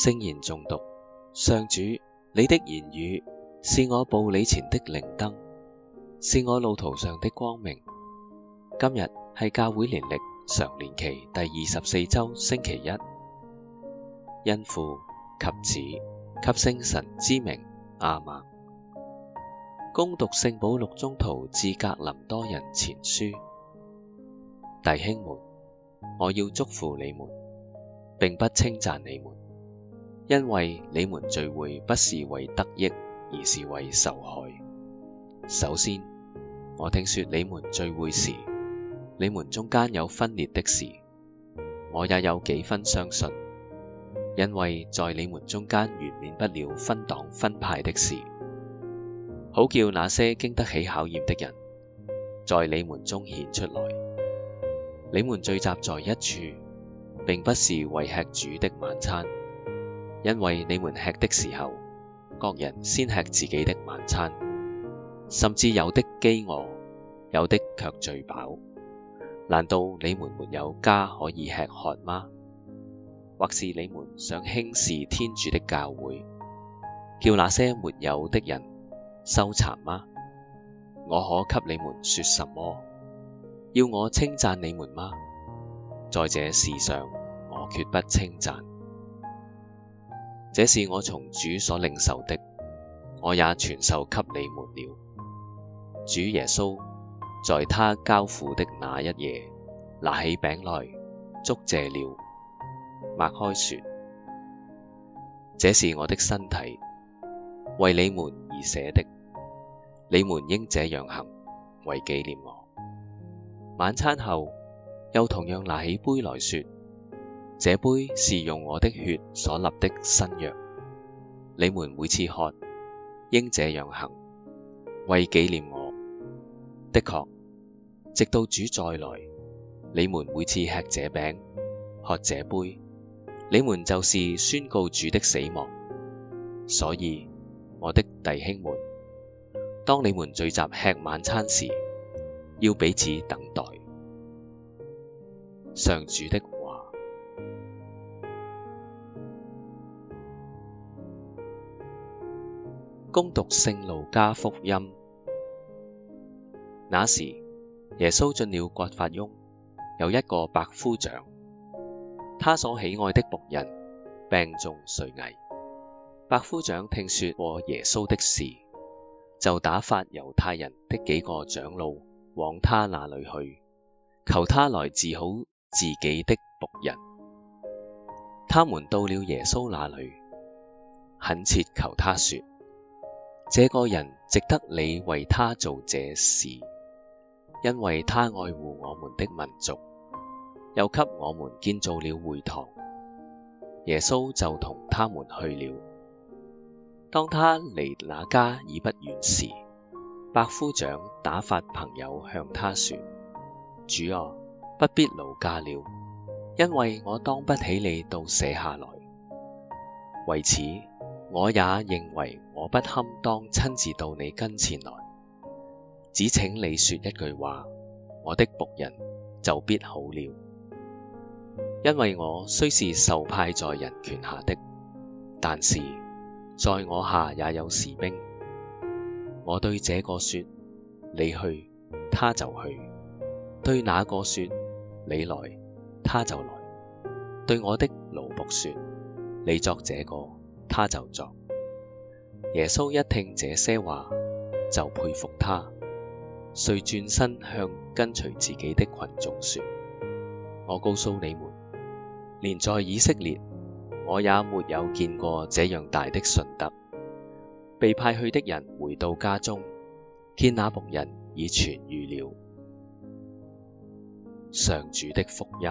聖言誦讀。上主，你的言語是我步履前的靈燈，是我路途上的光明。今日係教會年曆常年期第二十四周星期一，因父及子及聖神之名阿們。恭讀聖保祿宗徒致格林多人前書，弟兄們，我要囑咐你們，並不稱讚你們。因為你們聚會不是為得益，而是為受害。首先，我聽說你們聚會時，你們中間有分裂的事，我也有幾分相信，因為在你們中間原免不了分黨分派的事。好叫那些經得起考驗的人，在你們中顯出來。你們聚集在一處，並不是為吃主的晚餐。因為你們吃的時候，各人先吃自己的晚餐，甚至有的饑餓，有的却醉飽。難道你們沒有家可以吃喝嗎？或是你們想輕視天主的教會，叫那些沒有的人羞慚嗎？我可給你們說什麼？要我稱讚你們嗎？在這事上，我決不稱讚。這是我從主所領受的，我也傳授給你們了。主耶穌在他交付的那一夜，拿起餅來，祝謝了，擘開說：這是我的身體，為你們而捨的，你們應這樣行，為紀念我。晚餐後，又同樣拿起杯來說。這杯是用我的血所立的新約，你們每次喝，應這樣行，為紀念我。的確，直到主再來，你們每次吃這餅、喝這杯，你們就是宣告主的死亡。所以，我的弟兄們，當你們聚集吃晚餐時，要彼此等待。上主的。恭讀《聖路加福音》。那時，耶穌進了葛法翁，有一個百夫長，他所喜愛的僕人病重垂危。百夫長聽說過耶穌的事，就打發猶太人的幾個長老往他那裏去，求他來治好自己的僕人。他們到了耶穌那裏，懇切求他說。這個人值得你為他做這事，因為他愛護我們的民族，又給我們建造了會堂。耶穌就同他們去了。當他離那家已不遠時，百夫長打發朋友向他說：「主啊，不必勞駕了，因為我當不起你到舍下來。為此，我也認為。我不堪當親自到你跟前來，只請你說一句話，我的僕人就必好了。因為我雖是受派在人權下的，但是在我下也有士兵。我對這個說，你去，他就去；對那個說，你來，他就來；對我的奴僕說，你作這個，他就作。耶穌一聽這些話，就佩服他，遂轉身向跟隨自己的群眾說：我告訴你們，連在以色列，我也沒有見過這樣大的信德。被派去的人回到家中，見那僕人已痊癒了。上主的福音。